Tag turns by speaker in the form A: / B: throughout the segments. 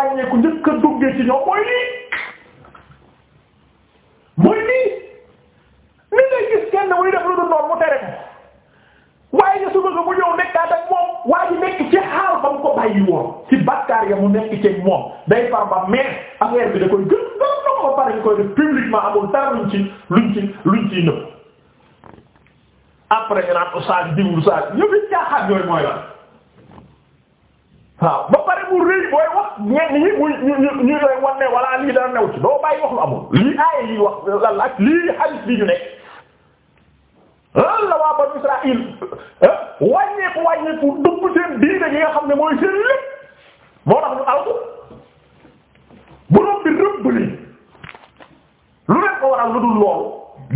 A: wàññeeku njëkk a duggee ci ñoom mooy lii mooy lii ni ngay gis kenn muy def lu dul noonu mu tere ko waaye nga suba nga mu ñëw nekkaat ak moom waa ji nekk ci xaal ba mu ko bàyyi woon ci bakkaar ya mu nekk ci moom day far ba mais affaire bi da koy gën gën na ko ba pare ñu koy def publiquement amul dara luñ ci luñ ci luñ ciy nëb après ñu naan oustaz diw oustaz ñëw it jaaxaat yooyu mooy la. waaw ba pare mu rëy booy wax ñenn ñi muy ñu ñu ñu lay wan ne walla lii dana new ci doo bàyyi wax lu amul lii aaye lii wax lan la ak lii hadith bi ñu nekk lan la waa banu Israël ah, wàññeeku wàññeeku dugg seen diine gi nga xam ne mooy seen lépp moo tax ñu alku borom bi rëbb lii lu leen ko waral lu dul loolu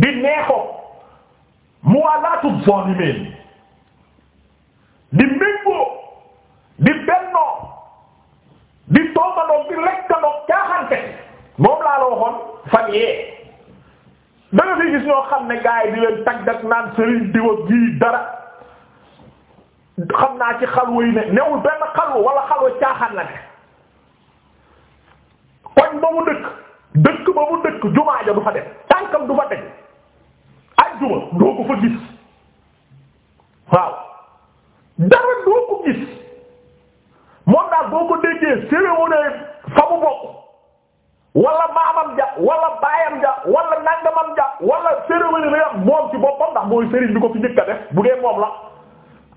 A: di neexoo muwaalaatu zalimin di méngoo di bennoo di toogandoog di lekkandoog caaxante moom laa la waxoon fan yee da fi gis ñoo xam ne gars yi di leen tag dak naan sëriñ diwa gii dara xam naa ci xalwa yi ne newul benn xalwa wala xalwa caaxaan la koñ ba mu dëkk dëkk ba mu dëkk jumaa ja du fa dem tànkam du fa teg ajjuma doo ko fa gis waaw dara doo ko gis moom daal boo ko déggee cérémonie fa mu bokk wala maamam ja wala baayam ja wala nangamam ja wala cérémonie la yam moom ci boppam ndax mooy sëriñ bi ko fi njëkk a def bu dee moom la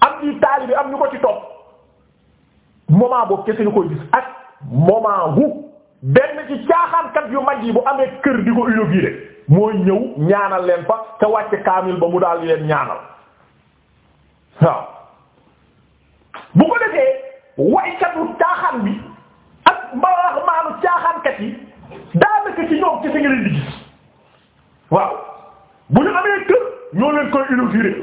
A: am ñuy taalibe am ñu ko ci topp moment boobu kese ñu koy gis ak moment wu benn ci caaxaankat yu mag yi bu amee kër di ko inauguré mooy ñëw ñaanal leen fa te wàcce kaamil ba mu daal leen ñaanal waaw bu ko defee waykatu caaxaan bi ak mbaa maanu caaxaankat yi daanaka ci ñoom ci sa nga leen di gis waaw bu ñu amee kër ñoo leen koy inaugurer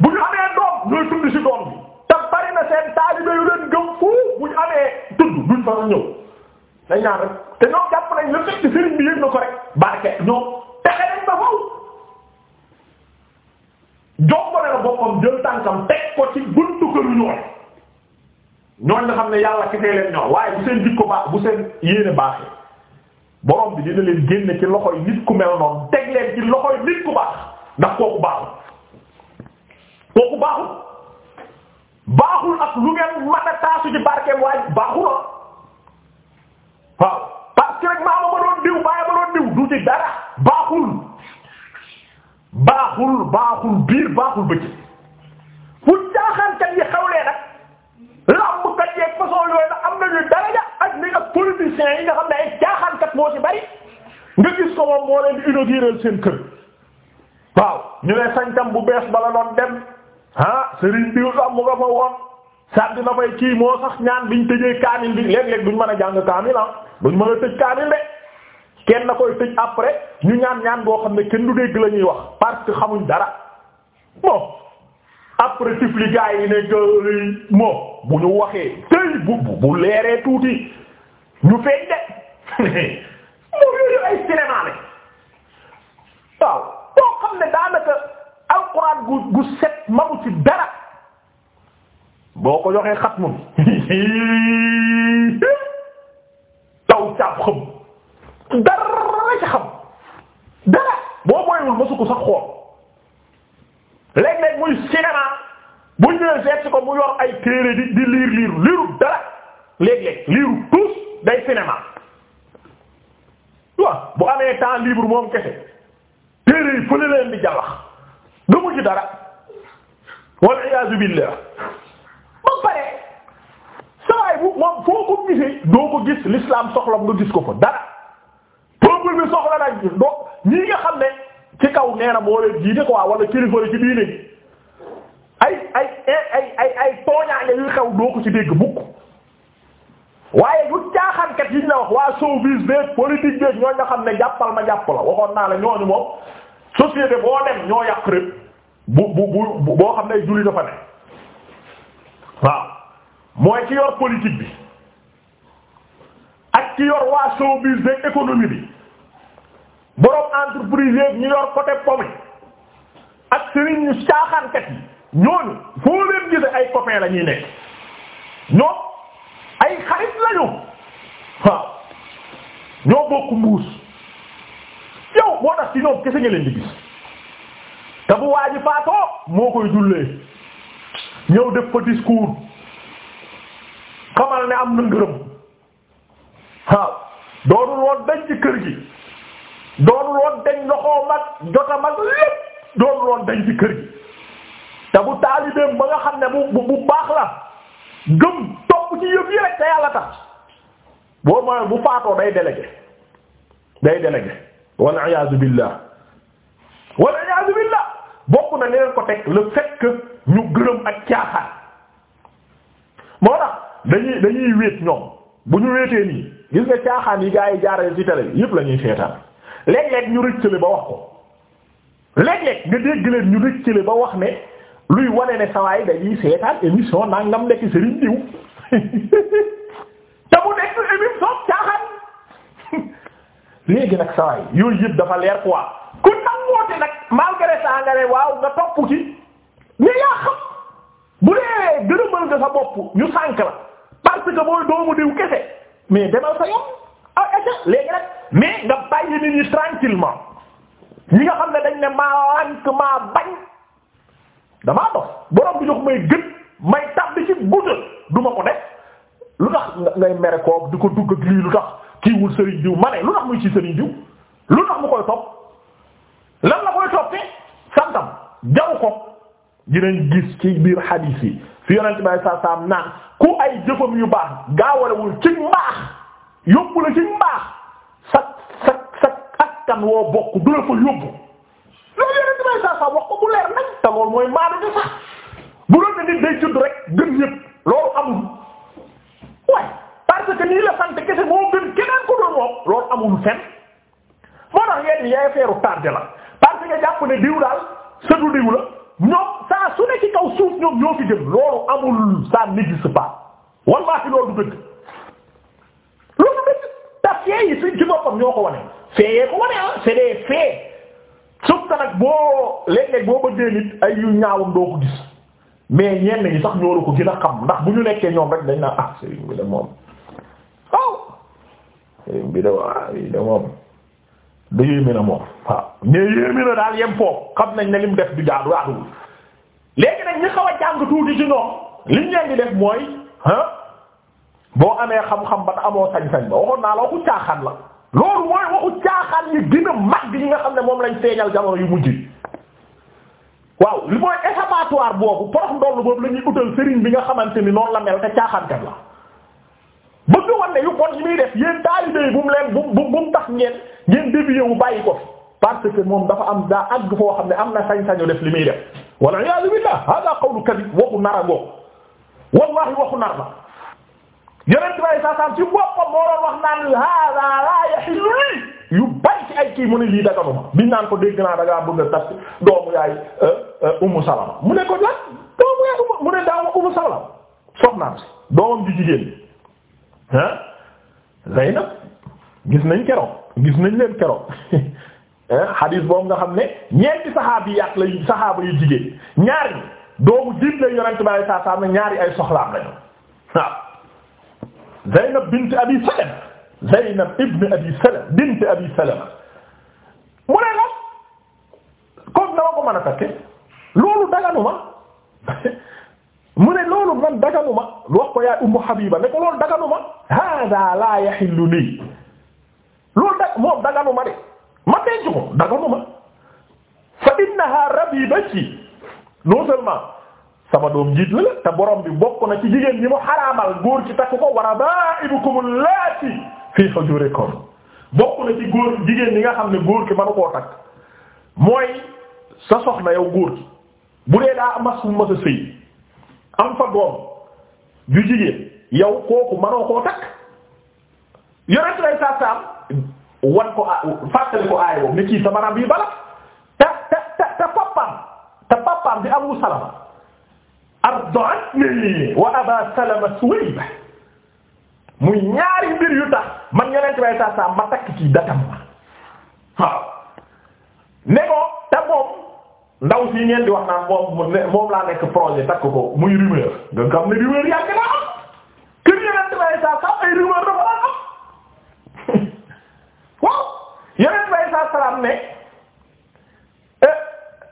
A: bu ñu amee doom ñooy tudd ci doom bi te na seen taalibe yu leen gëm foofu bu ñu amee tudd duñ fa ñëw dañ te ñoom jàpp nañ la fekk sëriñ bi ko rek barke ñoom texe nañ ba faw ko ci buntu këru ñoom ñooñ nga xam ne yàlla kisee leen ñoo waaye bu seen jikko baax bu seen yéene baaxee borom bi dina leen génne ci loxoy nit ku mel noonu teg leen ci loxoy nit ku baax ndax kooku baaxul kooku baaxul baaxul ak lu ngeen mën a taasu ci barkeem waaye baaxul ah. waaw baaxul baaxul baaxul fu jaaxal kat yi xawlee nag yeeg façon yooyu na am nañu daraja ak ni ak yi nga xam ne ay jaaxaankat moo ci bari nga gis ko moom moo leen di inaugurer seen kër waaw ñu ne tam bu bees bala doon dem ah Serigne Diouf am mu nga fa woon sax dina fay kii moo sax ñaan biñ tëjee kaamil bi léeg-léeg duñ mën a jàng kaamil ah duñ mën a tëj kaamil de kenn na koy tëj après ñu ñaan ñaan boo xam ne kenn du dégg la ñuy wax parce que xamuñ dara bon. après tifli gars yi nekk moom bu ñu waxee tey bu bu leeree tuuti ñu feeñ de moom yooyu ay cinéma ne waaw boo xam ne daanaka alxuraan gu gu set mamu ci dara boo ko joxee xatmu taw caab xam dara ci dara boo moywul mësu ko sax xool léeg muy cinéma bu ñëwee seet si ko mu yor ay téere di di liir liir liiru dara léeg-léeg liiru day cinéma waaw bu amee temps libre moom kese téere yi fële leen di jallax du mu ci dara wal iyaazu billaah ba pare sawaay bu moom foo ko gisee doo ko gis l'islam soxla nga gis ko fa dara peuple bi soxla nag doo ñii nga xam ne ci kaw nee na moo leen ko quoi wala kilifa ci diine ay ay ay yu xew doo ko ci dégg mukk waaye du caaxaankat yi ñu la wax waa showbiz beeg politique beeg ñooñu nga xam ne jàppal ma jàpp la waxoon naa la ñooñu moom société boo dem ñoo yàq rek bu boo xam ne ay julli dafa ne waaw mooy ci yor politique bi ak ci yor waa showbiz beeg économie bi borom entreprise yeeg ñu yor côté pomme ak sëriñ ñu caaxaankat yi. ñooñu foo leen gise ay copains la nekk ñoom ay xarit lañu waaw ñoo bokk mbuus yow boo tax ci ñoom kese nga leen di gis te bu waa faatoo moo koy jullee ñëw def fa discours xamal ne am na ngërëm waaw doonul dañ ci kër gi doonul dañ loxoom ak jotam ak lépp doonul dañ ci kër gi te bu taalibeem ba nga xam ne bu bu baax la gëm topp ci yëf yi rek te yàlla tax boo mooy bu faatoo day délégué day délégué wal iyaazu billah wal iyaazu billah bokk na leen ko teg le fait ñu gërëm ak caaxaan moo tax dañuy dañuy wéet ñoom bu ñu wéetee nii gis nga caaxaan yi gaa yi jaarale ci télé yépp la ñuy seetaan léeg-léeg ñu rëccale ba wax ko léeg-léeg nga dégg leen ñu rëccale ba wax ne luy wane ne sawaay dañuy seetaan émission nangam nekk Serigne diw te mu nekk émission caaxaan léegi nag sawaay yooyu yëpp dafa leer quoi ku nangoote nag malgré ça nga ne waaw nga topp ci mais yaa xam bu dee gërëmal nga sa bopp ñu sànk la parce que doomu diw kese mais demal sa yoon ah et léegi nag mais nga bàyyi nit ñi tranquillement ñi nga xam ne dañ ne maa bañ. dama dox borom bi jox may gën may tàbbi ci gudda du ko def lu tax ngay mere di ko dugg ak lii lu tax kii wul Serigne Diouf ma ne lu tax muy ci Serigne Diouf lu tax mu koy topp lan la koy toppee santam jaw ko dinañ gis ci biir hadith yi fi yonent bay sa saam naan ku ay jëfam yu baax gaawalewul ci mbaax yóbbu la ci mbaax sak sak sak askan woo bokk du la yóbbu lu mu yore saa saa wax bu leer nag te loolu mooy maanu de sax bu doon ne nit day judd rek gën ñëpp loolu amul waaye parce que nii la sant kese moo gën keneen ko doon moom loolu amul fen moo la parce que jàpp ne diw la ñoom ci kaw suuf ñoom ñoo fi jëm loolu amul ça n'existe pas wallahi loolu du loolu du te fee yi suñ ci boppam ñoo ko wane fee yee ko wane ah c'est des boo léeg-léeg boo bëggee nit ay yu ñaawam doo ko gis mais ñenn ñi sax ñoo ko gën a xam ndax bu ñu nekkee ñoom rek dañ naan ah sëriñ bi de moom waaw sëriñ bi na moom waaw mais na daal yem foofu xam nañ ne lim def du jaadu waaduwul léegi nag ñu xaw a jàng tuuti ci ñoom liñ leen di def mooy ah boo amee xam-xam ba amoo sañ-sañ ba waxoon naa la waxu caaxaan la. loolu mooy waxu caaxaan yi gën a mag yi nga xam ne moom lañ feeñal jamono yu mujj waaw li mooy échappatoire boobu porox ndollu boobu la ñuy utal sëriñ bi nga xamante ni noonu la mel te caaxaankat la bëgg wan yu bon yi muy def bu mu leen tax ngeen ngeen dévié wu bàyyi ko parce moom dafa am daa àgg foo xam ne am na sañ-sañu def li muy def walla iyaazu billaah hada qawlu kadib waxu nara ngoo wallahi waxu nar la tekki mu ne lii daganuma biñ naan ko dégg naa da bëgg a doomu yaay Ummu euh, euh, Salama mu ne ko lan doomu yaay Ummu Salama soxnaam si doomam ju jigéen bi ah Zaynab gis nañ keroog gis nañ leen keroog hadis boobu nga xam ne ñeenti saxaabi yàq la saxaaba yi jigéen ñaari doomu jiit la yonent ba ay saa na ñaari ay soxlaam lañu waaw Zaynab bint Abi Salama Zaynab ibn Abi Salama mu ne la comme dama ko mën a takke loolu daganuma mu ne loolu man daganuma lu wax ko yaay Ummu Habiba ne ko loolu daganuma hada la yahillu lii loolu dag moom daganuma de ma denc ko daganuma fa innaha rabibati non seulement sama doom jiit la te borom bi bokk na ci jigéen ñi mu xaraamal góor ci takk ko wa raba'ibukum allati fi hujurikum bokk na ci góor jigéen ñi nga xam ne góor ki manu koo takk mooy sa soxna yow góor ki bu dee daa am as ma sa sëy am fa doom ju jigéen yow kooku manoo koo takk yore ko fàttali ko ne kii sama naam bii bala te te te te papaam te papaam bi Abu Salama ardoat ni wa Aba Salama Suwayba muy ñaari mbir yu tax man yonent bay saa saa ma takk ci ma waaw ne ko te moom ndaw si ngeen di wax naan moom moom laa nekk projet takk ko muy rumeur nga xam ne rumeur yàgg naa am kër yonent bay saa saa ay rumeur dafa daan am waaw yonent bay saa salaam ne eh,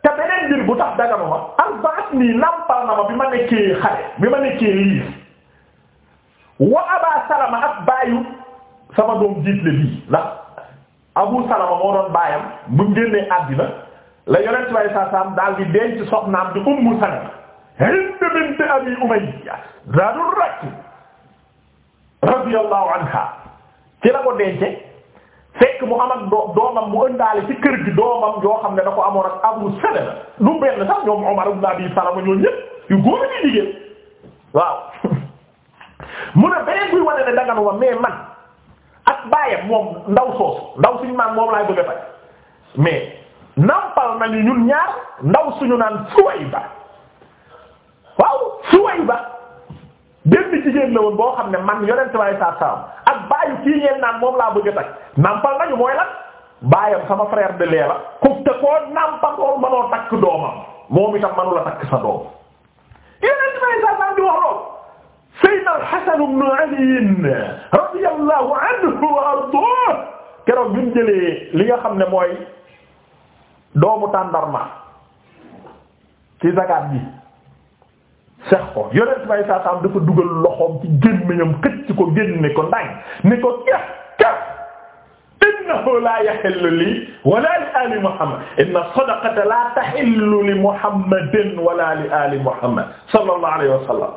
A: te beneen mbir bu tax daganu ma al baat nampal na ma bi ma nekkee xale bi ma nekkee liir wa aba salama ak baayu sama doom jiitle bii ndax abu salama moo doon baayam bu génnee àddina la yonent bay saa saam daal di denc soxnaam di ummu salama hind bint abi umayya zaadul rakk radiyallahu anha ci la ko dence fekk mu am ak doomam mu ëndaale ci kër gi doomam yoo xam ne da ko amoon ak abu salama du benn sax ñoom umar ibn abi salama ñoo ñëpp yu góor a ngi waaw mu a beneen buy wane ne danganu mais man ak baayam moom ndaw soos ndaw suñu maam moom laay bëgg a faj mais nampal nañu ñun ñaar ndaw suñu naan Suwayba waaw Suwayba benn jigéen la woon boo xam ne man yonent bi saa saam ak baayu kii ñeen naan moom laa bëgg a faj nampal nañu mooy lan baayam sama frère de lait la ku te koo nampal loolu takk doomam moom itam mënula takk sa doom yonent bi saa saam di wax loolu Seydina Al-Hasan ibn Ali radiyallahu anhu wa ardaahu keroog bi mu jëlee li nga xam ne mooy doomu tàndarma ci zakat bi sex ko yonent bay saa saam dafa dugal loxoom ci gémmiñam xëcc ko génne ko ndañ ni ko kef kef innahu la yahillu li wala li ali muhammad inna sadaqata la tahillu li muhammadin wala li ali muhammad sallallahu alayhi wa sallam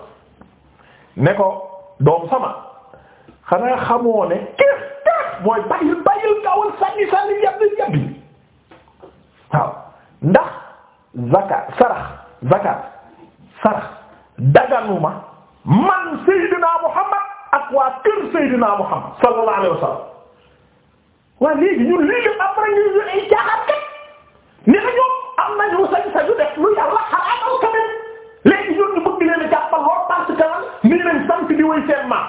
A: ne ko doom sama xanaa xamoo ne kees kees mooy bàyyil bàyyil gaawal sànni sànni yabbi yabbi waaw ndax zakat sarax zakat sarax daganuma man Seydina Muhammad ak waa kër Seydina Muhammad sallallahu alayhi wasallam waa léegi ñun léegi après ñu ñu ay jaaxal kat ni ñoom am nañu sañ-sañu def lu Yàlla xaraamal tamit léegi ñun ñu nii nañ sant di wéy seen maam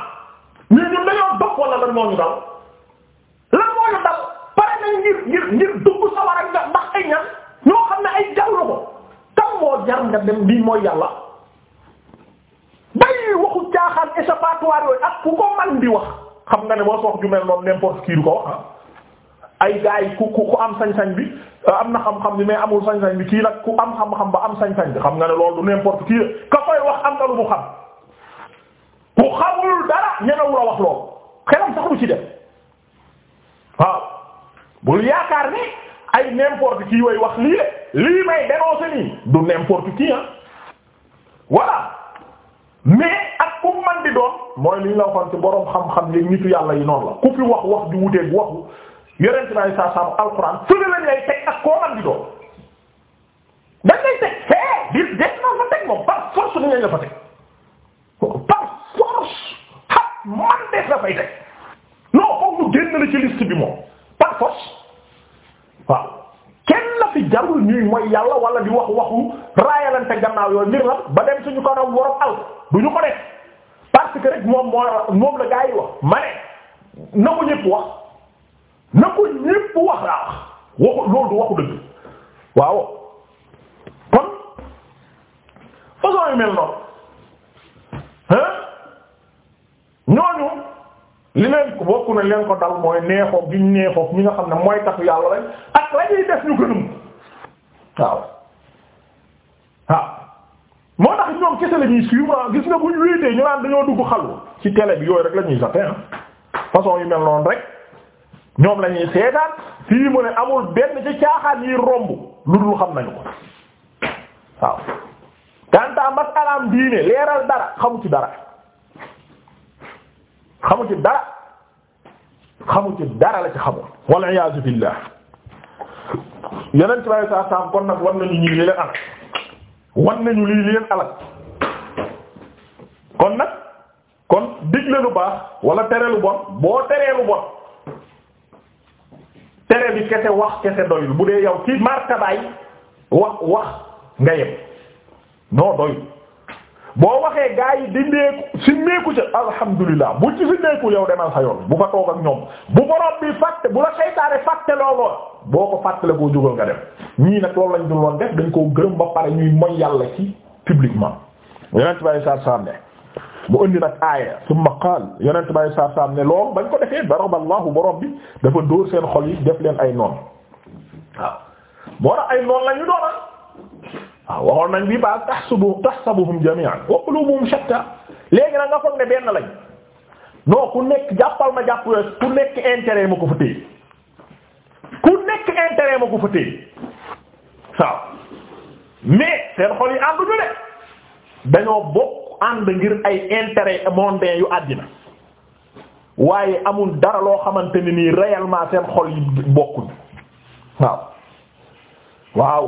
A: ñu ñun dañoo dox wala lan moo ñu dal lan moo ñu dal pare nañ ngir ngir ngir dugg sawar ak nga ne ay mooy yàlla bàyyi waxu caaxaan échappatoire yooyu ak ku ko man di wax xam nga ne boo soog ju mel noonu ah. ay gaay ku bi ah, am na xam-xam bi mais amul sañ-sañ bi kii nag ku am xam-xam ba am sañ-sañ bi xam nga ne loolu du n'importe qui ka koy wax am na lu mu xam bu xamul dara ñemewu la wax loolu xelam sax mu ci def waaw bul yaakaar ni ay n'importe qui way wax lii de lii may dénoncer nii du n'importe qui ah voilà mais ak ku man di doon mooy li ñu la waxoon ci boroom xam-xam yi nitu yàlla yi noonu la ku fi wax wax di wuteeg waxu yonent bi sallallahu alayhi alxuraan su ne lañ lay teg ak koo man di doon dañ lay teg fee di des na fa teg moom par force ni nga fa teg man des na fay teg foog ñu génn la ci liste bi moom par force waaw kenn la fi jarul ñuy mooy yàlla wala di wax waxu raayalante gannaaw yooyu ngir la ba dem suñu kanam waroon al du ñu ko def parce que rek moom moo moom la gaa yi wax ma ne na ko ñépp wax na ko ñépp wax laa wax loolu du waxu dëgg waaw kon façon yu mel noonu hein ñooñu li leen bokk na leen ko dal mooy neexoo gi ñu neexoo ñi nga xam ne mooy taxu yàlla lañ ak la ñuy def ñu gënum waaw waaw moo tax ñoom kese la ñuy suivre ah, gis nga bu ñu wéetee ñu naan dañoo dugg xalu ci télé bi yooyu rek la ñuy zappé ah. façon yu mel noonu rek ñoom la ñuy seetaan fii mu ne amul benn ci caaxaan yi romb lu dul xam nañu ko waaw. tant que masalaam diine leeral dara xamu ci dara. xamu ci dara xamu ci dara la ci xamul wal iyaazu billah yeneen ci bari saa saam kon nag wan nañu ñii li leen alal wan nañu lii leen alal kon nag kon digle lu baax wala tere lu bon boo teree lu bon tere bi kese wax kese doyul bu dee yow ci martabaay wax wax nga yem noo doyul boo waxee gaa yi dindeeku simmeeku ca alhamdulilah bu ci simmeeku yow demal sa bu fa toog ak ñoom bu borom bi fàtte bu la seytaane fàtte looloo boo ko fàttale koo jógal nga dem ñii nag loolu lañ dul woon def dañ koo gërëm ba pare ñuy moy yàlla ci publiquement yonent bi sallallahu alayhi wasallam ne mu indi nag aaya summa qaal yonent bi sallallahu alayhi wasallam ne loolu bañ ko defee daraballahu borom bi dafa dóor seen xol yi def leen ay noon waaw moo tax ay noon waaw waxoon nañ bi baa tahsubu tahsabuhum jami'an wa qulubuhum shatta léegi nag nga foog ne benn lañ non ku nekk jàppal ma jàpp ku nekk intérêt ma ko fa téye ku nekk intérêt ma ko fa téye waaw mais seen xol yi ànduñu ne dañoo bokk ànd ngir ay intérêt mondain yu àddina waaye amul dara loo xamante ne nii réellement seen xol yi bokkuñu waaw waaw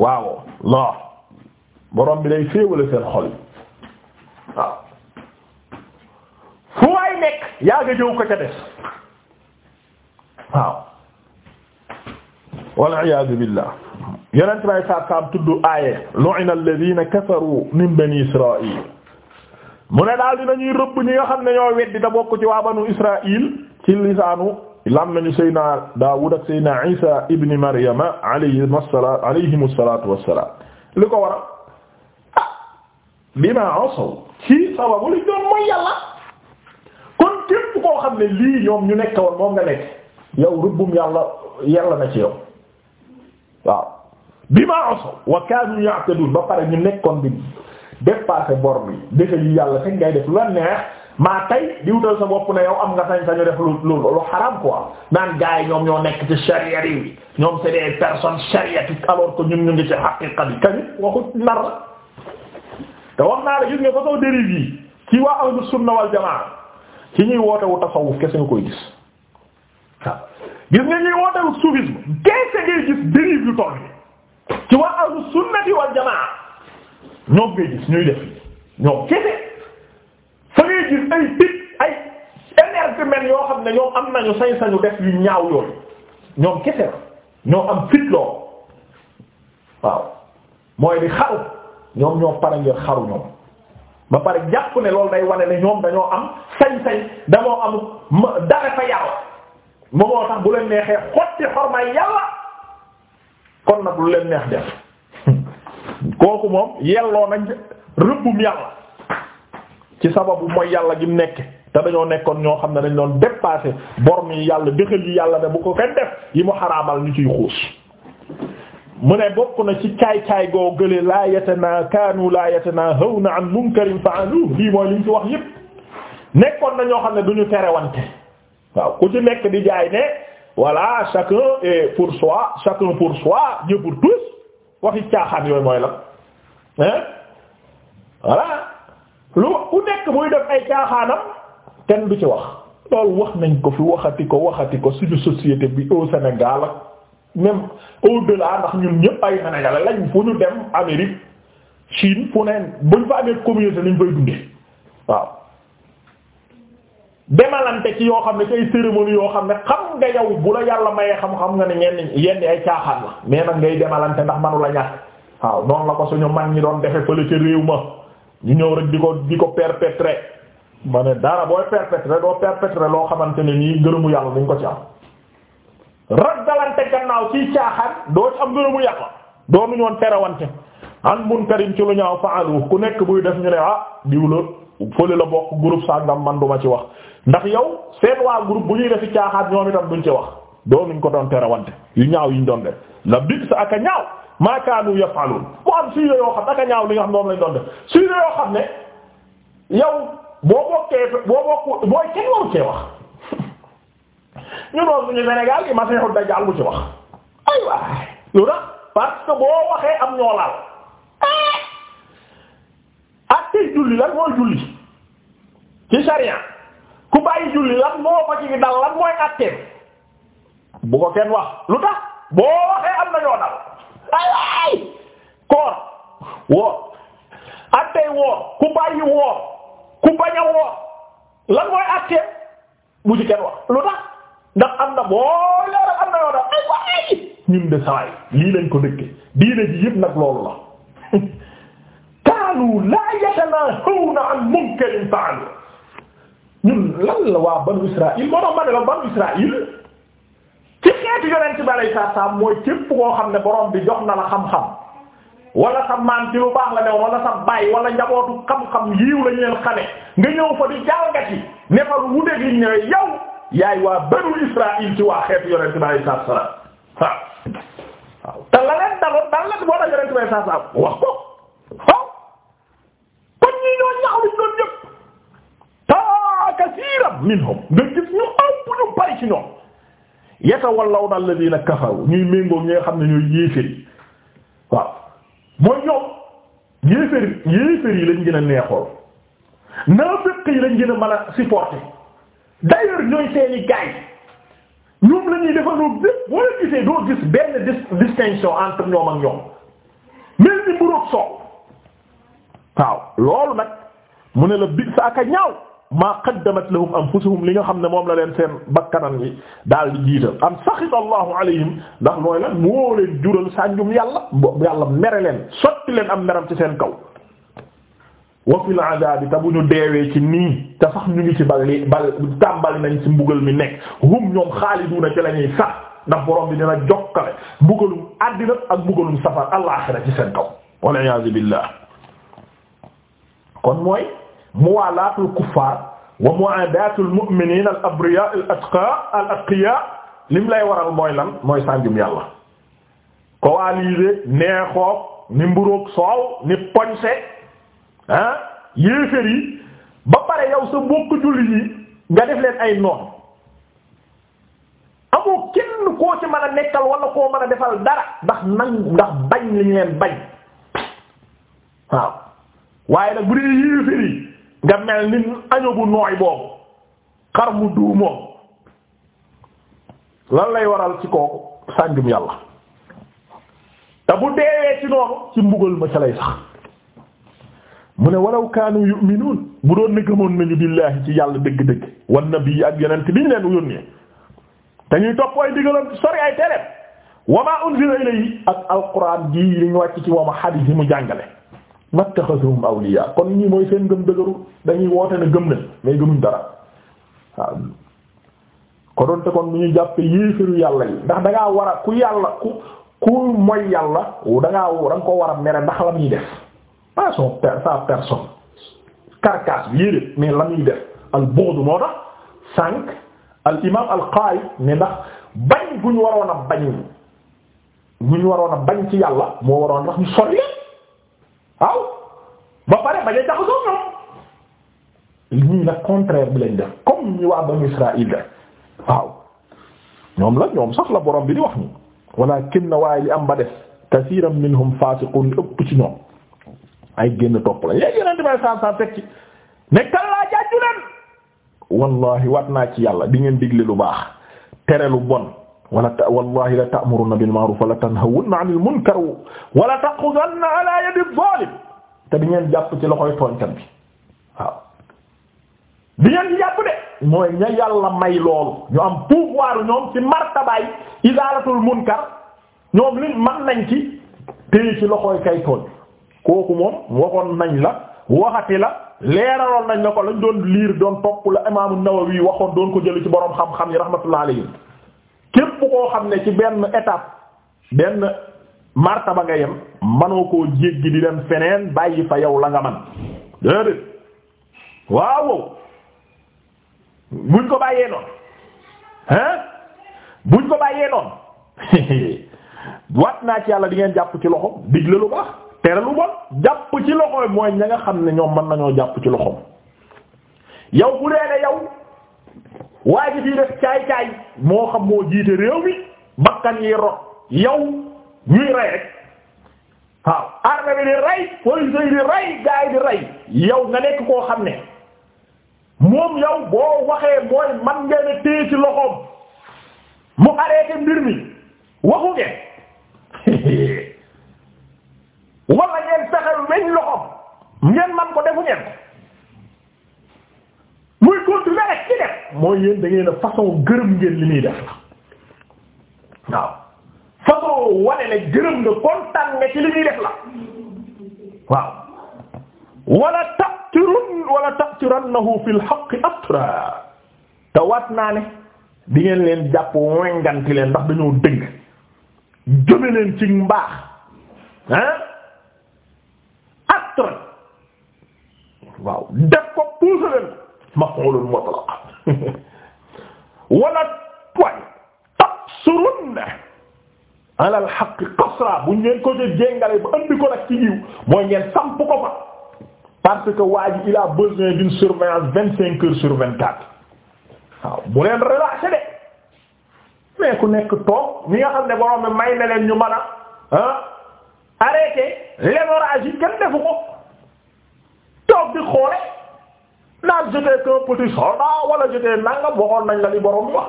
A: waaw loo borom bi day féewale seen xol fu waay nekk yaa nga jëw ko ca des waaw wal iyaadu billah yonent bay saat saam tudd aaye lu'ina alladhina kafaru min bani israil mu ne daal dinañuy rëbb ñi xam ne ñoo weddi da bokk ci banu israil ci lisaanu lam nañu Seydina Daawud ak Seydina Isa ibni Maryama alayhim assalaatu alayhim assalaatu wassalaam li ko waral ah bimaa asaw ci sababu li doon mooy yàlla kon képp koo xam ne lii ñoom ñu nekk woon moom nga nekk yow rëbbum yàlla yàlla na ci yow waaw bimaa asaw wa kaanu ya'taduun ba pare ñu nekkoon di dépasser bor bi defe yi yàlla fekk ngay def lu la neex maa tey diwutal sa bopp ne yow am nga sañ sañu def lu lu lu xaram quoi naan gars ñoom ñoo nekk ci charia yi ñoom c'est des personnes chariatiques alors que ñun ñu ngi ci haqiqa bi kañ waxut nar la te wax naa la gis nga façon dérive yi ci waa ahlu sunna wal jamaa ci ñuy woote wu tasawuf kese nga koy gis waaw gis nga ñuy woote wu soufisme kese ngay gis dérive yu toll ci waa ahlu sunnati wal jamaa ñoom ngay gis ñuy def ñoom kese. fa ngay gis ay tit ay énergumènes yoo xam ne ñoom am nañu sañ-sañu def yu ñaaw yooyu ñoom kese la ñoo am fit lool waaw mooy di xaru ñoom ñoo pare ngir xaru ñoom ba pare jàpp ne lool day wane ne ñoom dañoo am sañ-sañ dañoo am dara fa yàlla moom moo tax bu leen neexee xotti xormaay yàlla kon nag lu leen neex def kooku moom yelloo nañ rëbbum yàlla ci sababu mooy yàlla gi mu nekk te dañoo nekkoon ñoo xam ne dañ doon dépasser bormes yi yàlla dëxal yi yàlla de bu ko kenn def yi mu xaraamal ñu ciy xuus mu ne bokk na ci caay-caay goo gële laa yatanaa kaanu laa yatanahawna am munkarin fa'aluhu lii mooy liñ ci wax yépp nekkoon na ñoo xam ne duñu terewante waaw ku ci nekk di jaay ne voilà chacun est pour soi chacun pour soi Dieu pour tous waxi caaxaan yooyu mooy la hein voilà lu ku nekk muy def ay caaxaanam kenn bu ci wax loolu wax nañ ko fi waxati ko waxati ko suñu société bi au Sénégal ak même au-delà ndax ñun ñëpp ay Sénégalais lañ fu ñu dem Amérique Chine fu neen buñ fa amee communauté lañ fay dundee waaw demalante ci yoo xam ne ci ay cérémonie yoo xam ne xam nga yow bu la yàlla mayee xam-xam nga ne ñenn yenn ay caaxaan la mais nag ngay demalante ndax manu la ñàkk waaw noonu la ko suñu mag ñi doon defe fële ca réew ñu ñëw rek di ko di ko perpétrer ma ne dara booy perpétrer doo perpétrer loo xamante ne nii ngërëmu yàlla dañ ko ci am ragalante gannaaw ci caaxaan doo ci am ngërëmu yàlla doonu ñoon terawante an munkarin ci lu ñaaw faalu ku nekk buy def ñu ne ah diw la fële la bokk groupe sàngam man duma ci wax ndax yow seen waa group bu ñuy defi caaxaan ñoom itam duñ ci wax doonuñ ko doon terawante yu ñaaw yuñ doon def la bit sa aka ñaaw maa kaanu yaf'alun mu am sujet yoo xam naka ñaaw li xam ne moom lañ doon def sujet yoo xam ne yow boo bokkee boo bokk mooy kenn waru cee wax ñu doon suñu Sénégal gi masiixu dajjaal bu ci wax aywa lu na parce que boo waxee am ñoo ah! ak tey julli lan wax lu tax boo waxee am na ñoo ay koor woor attey ku bàyyi woor ku bañ a woor lan mooy attee bu ci kenn wax lu tax ndax am na boo leeral am na da ay waay ñun de sawaay lii lañ ko dëkke diine ji yëpp nag loolu la kaanu laa yatanahawna an munkarin fa'alu ñun lan waa banu Israël moo tax ma la banu Israël xeetu yonent bi alayhi salaam mooy képp koo xam ne borom bi jox na la xam-xam wala sa maam ci lu baax la new wala sa baay wala njabootu xam-xam yiiw lañu leen xame nga ñëw fa di jalgati ne fa lu wuteeg liñ ñëwee yow yaay waa banu Israël ci waa xeetu yonent bi alayhi salaam waaw waaw te la leen daloon dal la boo la yonent bi alayhi salaam wax ko waaw kon ñi ñoo ñaaw liñ doon ñëpp ta kasiiram minhum nga gis ñu ëpp ñu bari ci ñoom yatawallawna alladhina kafaru ñuy méngoo ñi nga xam ne ñooy yéeféer yi waaw mooy ñoom yéeféer yéeféer yi lañ gën a neexool naafiq yi lañ gën a mën a supporter d'ailleurs ñooy seeni gaay ñoom la ñuy defaloo bépp boo gisee doo gis benn dis entre ñoom ak ñoom mel ni mburoog soow waaw loolu nag mu ne la bi saaka ñaaw maa qaddamat lahum anfusuhum li nga xam ne moom la leen seen bakkanan yi daal di jiital am saxita allahu alayhim ndax mooy lan moo leen jural yàlla yàlla mere leen sotti leen am meram ci seen kaw wa fil adabi te ñu deewee ci nii te sax ñu ngi ci balli bal tàmbali nañ ci mbugal mi nekk hum ñoom xaaliduuna ci la ñuy sax ndax boroom bi dina jokkale mbugalum àddina ak mbugalum safar al axira ci seen kaw wal iyaazu billah kon mooy muwaalaatul kuffaar wa muwaadaatul mu'miniin al abriyaa al atqaa al atqiyaa lim lay waral mooy lan mooy sànjum yàlla. coalisé neexoog ni mburoog soow ni poñse ah yi ba pare yow sa bokk jullit yi nga def leen ay noon amoo kenn koo ci mën a nekkal wala koo mën a defal dara ndax nang ndax bañ li leen bañ waaw waaye nag bu dee yéefér yi nga mel ni año bu nooy boobu xar mu duu lan lay waral ci kooku sànjum yàlla te mu deewee ci noonu ci mbugal ma ca lay sax mu ne walaw kaanu yu'minuun bu doon ne gëmoon nañu billaahi ci yàlla dëgg-dëgg wan nabi ak yonent bi ñu leen yónnee dañuy topp ay digalam sori ay tereem wa maa unzila ilayhi ak alquran ji li ñu wàcc ci wama xadiis yi mu jàngale mattakhasuhum awliya kon ñii mooy seen gëm dëgëru dañuy woote ne gëm nañ mais gëmuñ dara waaw ko doon te kon bu ñu jàppee yàlla yi ndax da war ku yàlla ku ku mooy yàlla da ngaa da nga ko war a mere ndax la muy def pas son per sa personne carcasse bi mais la muy def al bughd moo tax sànq al imam al qaa'id ne ndax bañ bu waroon a bañ bu ñu waroon a bañ ci yàlla moo waroon ndax ñu sori waaw ba pare bañ a jaxasoo ñoom nag contraire bi lañ def comme ñi waa banu Israël def waaw ñoom la ñoom sax la borom bi di wax ni walakin waaye li am ba def kasiiram minhum faasiqun ëpp ci ñoom ay génn topp la yéeg yeneen di may saan saan nekkal laa jàjju leen wallahi wat naa ci yàlla di ngeen digle lu baax tere lu bon wala ta wallaahi la ta'muruna bil ma'ruf wala tanhawunna 'anil munkar wala taqudanna 'ala yadi zalim te di ngeen jàpp ci loxoy tooñkat bi waaw di ngeen jàpp de mooy ña yàlla may loolu ñu am pouvoir ñoom ci martabaay idaaratul munkar ñoom li man nañ ci téye ci loxoy kay tooñ kooku moom waxoon nañ la waxati la. leeraloon nañ la ko lañ doon liir doon topp la imaamu Nawawi waxoon doon ko jël ci boroom xam-xam yi rahmatullah alayhi képp koo xam ne ci benn étape benn martaba nga yem manoo koo jéggi di dem feneen bàyyi fa yow la nga man déedéet waaw buñ ko bàyyee noonu hein buñ ko bàyyee noonu waat naa ci yàlla di ngeen jàpp ci loxo digle lu baax tere lu bon jàpp ci loxo mooy ña nga xam ne ñoom mën nañoo jàpp ci loxoom yow bu dee ne waaye ji fii def caay caay moo xam moo jiite réew mi bakkan yi rot yow ñuy rey rek waaw bi di rey police yi di rey gars di rey yow nga nekk koo xam ne moom yow boo waxee mooy man ngeen a téye ci loxoom mu arrêté mbir mi waxu ngeen wala ngeen fexe weñ loxoom ngeen man ko defu ngeen muy continuer rek ci def mooy yéen da ngeen façon gërëm ngeen li muy def la waaw façon wane ne gërëm nga kontaan nga ci li muy def la waaw wala taqtirun wala taqtirannahu fil haqqi aqtra te waat naa ne bi ngeen leen jàpp wenganti leen ndax dañoo dëng jëme leen ci mbaax ah aqtra waaw def ko puusa leen maf'ulun mutlaq wala toy taqsurun ala al haqq bu ngeen ko jël jéngale ba andi ko nag ci mooy ngeen samp ko fa parce que waa ji il a besoin d'une surveillance vingt cinq heures sur vingt quatre waaw bu leen relâché de mais ku nekk toog ñi nga xam ne borom bi may na leen ñu mën a ah arrêté l'hémorragie kenn ko toog di xoole naan j'étais qu'un petit soldat wala j'étais nangam waxoon nañ la li borom bi wax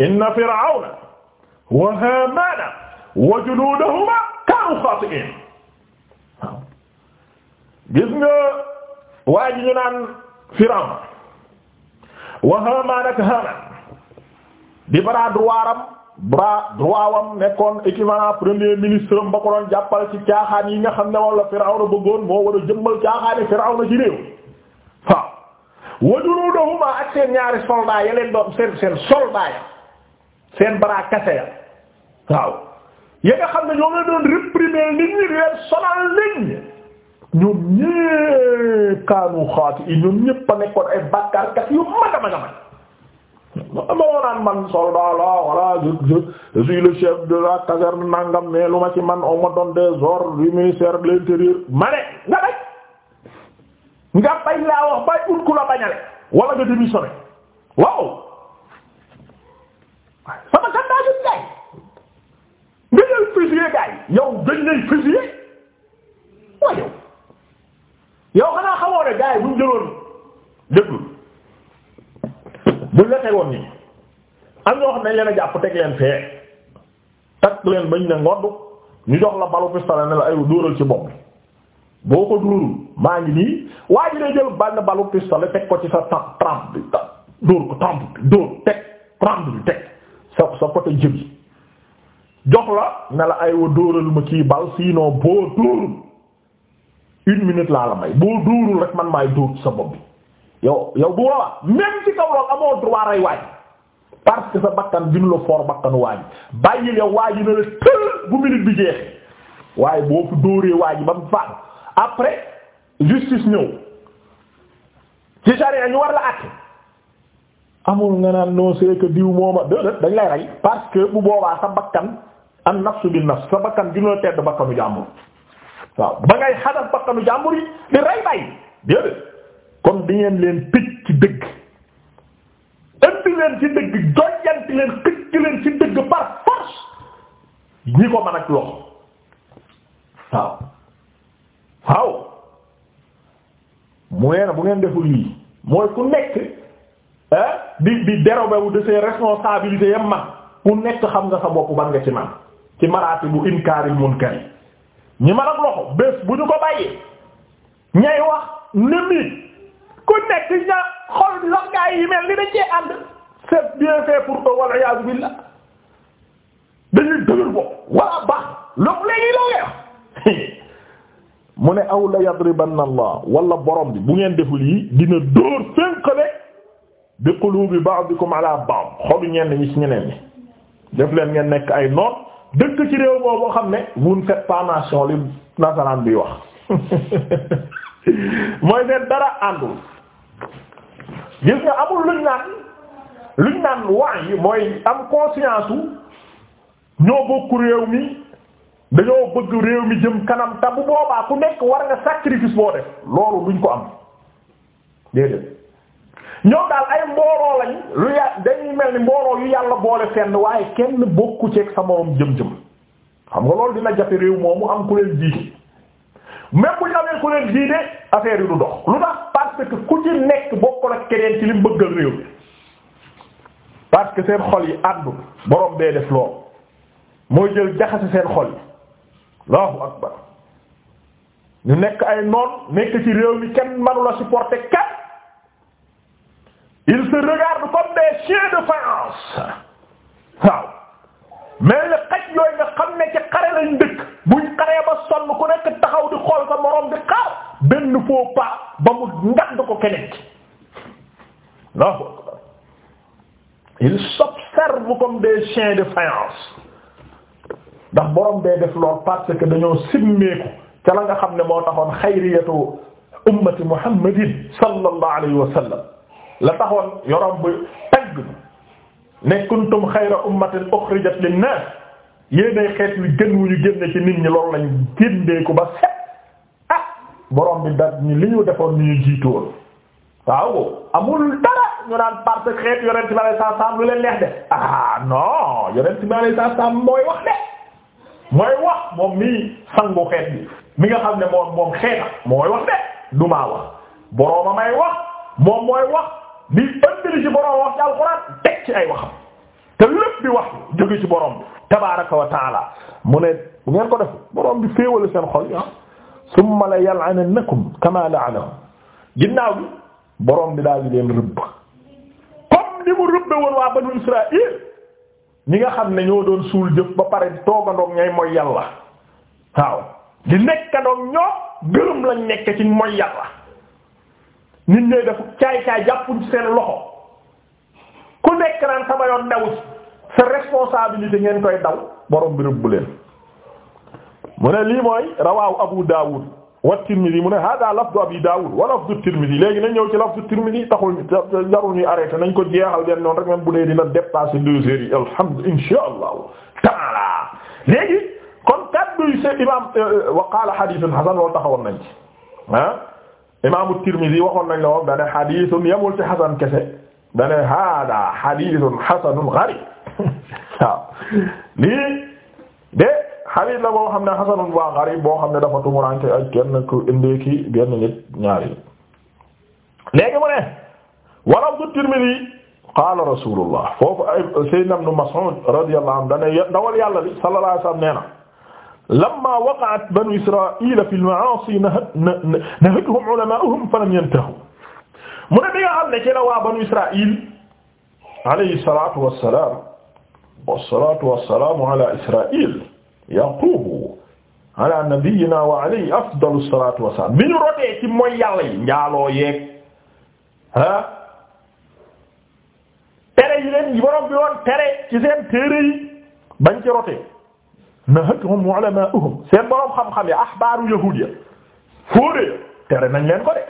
A: inna firawna wa haamana wa junuudahuma kaanu xaati'in waaw gis nga waa ji ñu naan firawna wa haamaan ak haamaan di bras droit am nekkoon équivalent premier ministre am ba ko ci caaxaan yi nga xam ne wala firawna bëggoon moo war jëmmal caaxaani firawna ci réew waaw wajulu doxuma ak seen ñaari soldat ya leen doon seen seen soldat ya seen bras cassés ya waaw ya nga xam ne ñoom la doon réprimer nit ñi leen ñoom ñépp xaati i ñoom ñépp a nekkoon ay bàkkaarkat yu mag a mag a mag ma man soldat la voilà je je chef de la caserne nangam mais lu ma ci man on m'a donné des ministère l'intérieur ma ne nga rek nga bay laa wax bay ut ku la bañale wala nga démissionné waaw sama candidat nga jël fusillé gaay yow dañ lay fusillé waaw yow yow xanaa xamoo ne gaay buñ jëloon déglu buñ la tegoon nii am ñoo xam ne leen a jàpp teg leen fee takk leen bañ ne ngodd ñu jox la balu pistolet ne la ay dóoral ci bopp boo ko dóorul maa ngi nii waa ji day jël benn balu pistolet teg ko ci sa temp trempe bi dóor ko temp bi dóor teg trempe bi teg sa sa côté jëm jox la mela ay wa dóoral ma kii bal sinon boo dóorul une minute laa la may boo dóorul rek man maay dóor sa bopp bi yow yow bu boobaa même ci kaw loolu droit rey waaj parce que sa bakkan bi nu la for bakkanu waaj bàyyil yow waaj yi ne la tël bu minute bi jeexee waaye boo fi dóoree waaj ba mu faat après justice ñëw ci charia ñu war la àtte amul nga naan non c'est que diw mooma déedéet dañ lay rey parce que bu boobaa sa bakkan an nafsu bin nafs sa bakkan du tedd bakkanu jàmbur waaw ba ngay xadas bakkanu jàmbur yi di rey bay déedéet kon di ngeen leen tëj ci dëgg ëndi leen ci dëgg jojjanti leen xëcc leen ci dëgg par force ñi ko mën ak loxo waaw waaw mu nee bu ngeen deful lii mooy ku nekk ah, di di dérobé wu de ses responsabilités yam man ku nekk xam nga sa bopp ban nga ci man ci maraati bu inkaaril munkari ñi man ak loxo bés bu ñu ko bàyyee ñay wax nimi ku nekk ña xol bi yi mel ni dañ ànd c'est bien fait pour eux walla baax loolu léegi loo ngi mu ne aw la yadribanna allah walla borom bi bu ngeen deful yi dina dóor fénqale bi qulubi ba'dikum ala ba'd xolu ñenn ñi ci ñeneen ñi def leen ngeen nekk ay noon dëkk ci réew boobu xam ne vous ne faites pas nation li nasaraan bi wax mooy ne dara àndul gis nga amul luñ naan luñ naan waa mooy am conscience u ñoo bokku réew mi dañoo bëgg réew mi jëm kanam te boobaa ku nekk war nga sacrifice boo def loolu duñ ko am déedéet ñoom daal ay mbooloo lañ lu ya dañuy mel ni mbooloo yu yàlla boole fenn waaye kenn bokku ceeg sa moroom jëm-jëm xam nga loolu dina jafe réew moomu am ku leen jiite même bu ñu amee ku leen jiite affaire yi du dox lu tax parce que ku ci nekk bokkul ak keneen ci lim bëggal réew mi parce seen xol yi àndul borom bee def loolu mooy jël jaxase seen xol Allahu akbar ñu nekk ay noon nekk ci réew mi kenn manu la supporter kenn ils se regardent comme des chiens de faïence waaw mais le xaj yooyu nga xam ne ci xare lañ dëkk buñ xaree ba sonn ku nekk taxaw di xool sa moroom di xaar benn faux pas ba mu ngand ko Allahu akbar ils s'observent comme des chiens de faïence ndax borom bee def lool parce que dañoo simmeeku ca la nga xam ne moo taxoon xayriyatu ummati muhammadin sallallahu alayhi wa sallam la taxoon yorom bu tagg ne kuntum xayra ummatin uxrijat linnaas yéenay xeet yu gën wu ñu génne ci nit ñi loolu lañ génneeku ba set ah borom bi da ñu li ñu defoon ni ñu jiitu woon waaw amul dara ñu naan parce que xeet yonent bi sallallahu alayhi wa sallam lu leen neex de ah non yonent bi sallallahu alayhi wa sallam mooy wax de. mooy wax moom mi sangu xeet bi mi nga xam ne moom moom xeeta mooy wax de du maa wax borooma may wax mooy wax di ëndili ci boroom wax ci alxuraan teg ci ay waxam te lépp wax jóge ci borom bi mu ne bu ngeen ko def bi féewale seen xol yi ah summa la yal'anannakum kama la'anahum ginnaaw bi borom bi daal di leen rëbb comme ni mu rëbbe woon waa banu Israël ñi nga xam ne ñoo doon suul jëf ba pare toogandoog ñay mooy yàlla waaw di nekkandoog ñoo gërëm lañ nekk ci mooy yàlla nit ñooy def caay caay jàppuñ ci seen loxo ku nekk naan sama yoon new ci sa responsabilité ngeen koy daw borom bi rëbb leen mu ne lii mooy rawaawu Abu Dawud wa Tirmidhi mu ne hada lafdu Abi Dawud wa lafdu Tirmidhi léegi nañ ñëw ci lafdu Tirmidhi taxul jarul ñuy arrêté nañ ko jeexal den noonu rek même bu dee dina dépasser deux heures yi alhamdulillah insha allahu taala léegi kon kaddu yi se imam euh, wa qaala hadithun hasan loolu taxawoon nañ ci ah imaamu Tirmidhi waxoon nañ la woon dane hadithun yemul ci hasan kese dane hada hadithun hasanun gharib waaw lii de xadiis la boo xam ne xasanun wa gariib boo xam ne dafa tumuraanke ak kenn ku indee ki benn nit ñaari léegi mu ne waraw du Tirmidhi qaala rasulullah foofu sayyidna ibn Mas'ud radiyallahu anhu dane ndawal yàlla li sallallahu alayhi wa sallam nee na lamma waqa'at banu israila fi al-ma'asi nahatuhum ulama'uhum falam yantahu mu ne bi nga xam ne ci la waa banu israil alayhi salatu wassalam wassalatu wassalamu ala israil yaqubu ala nabiyyina wa alayhi afdalu salatu wassalam bi ñu mooy yàlla yi njaaloo yeeg ah tere yi leen borom bi woon tere ci seen téere yi bañ ci rotee nahatuhum seen borom xam-xam yi ahbaaru yahudiya fóoree tere nañ leen ko de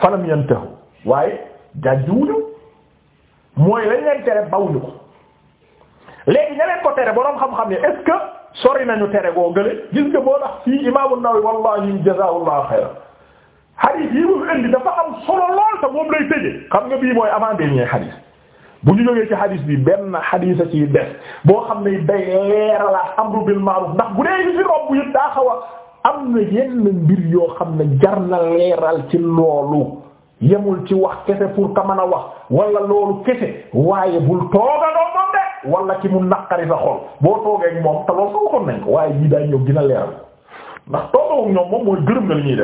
A: falam yantahu waaye jàjjuwuñu mooy lañ leen tere bawuñu léegi ña leen ko tere boroom xam-xam ne est-ce que sori nañu tere goo gële gis nga boo tax fii imaamu Nawawi wallahi jazaahullahu xayra xadiis yi mu indi dafa am solo lool te moom lay tëje xam nga bii mooy avant-dernier xadiis bu ñu jógee ci xadiis bii benn xadiis a ciy des boo xam ne day leeralaat amru bil ma'ruf ndax bu dee fi robb yëpp daa xaw a am na yenn mbir yoo xam ne jar na leeral ci loolu yemul ci wax kese pour ka a wax walla loolu kese waaye bul toogaloo moom de wala ki mu naqari sa xol boo toogee moom te loolu ko waxoon nañ ko waaye jii daay ñëw gën a leeral ndax toogawul ñoom moom mooy gërëm na li ñuy def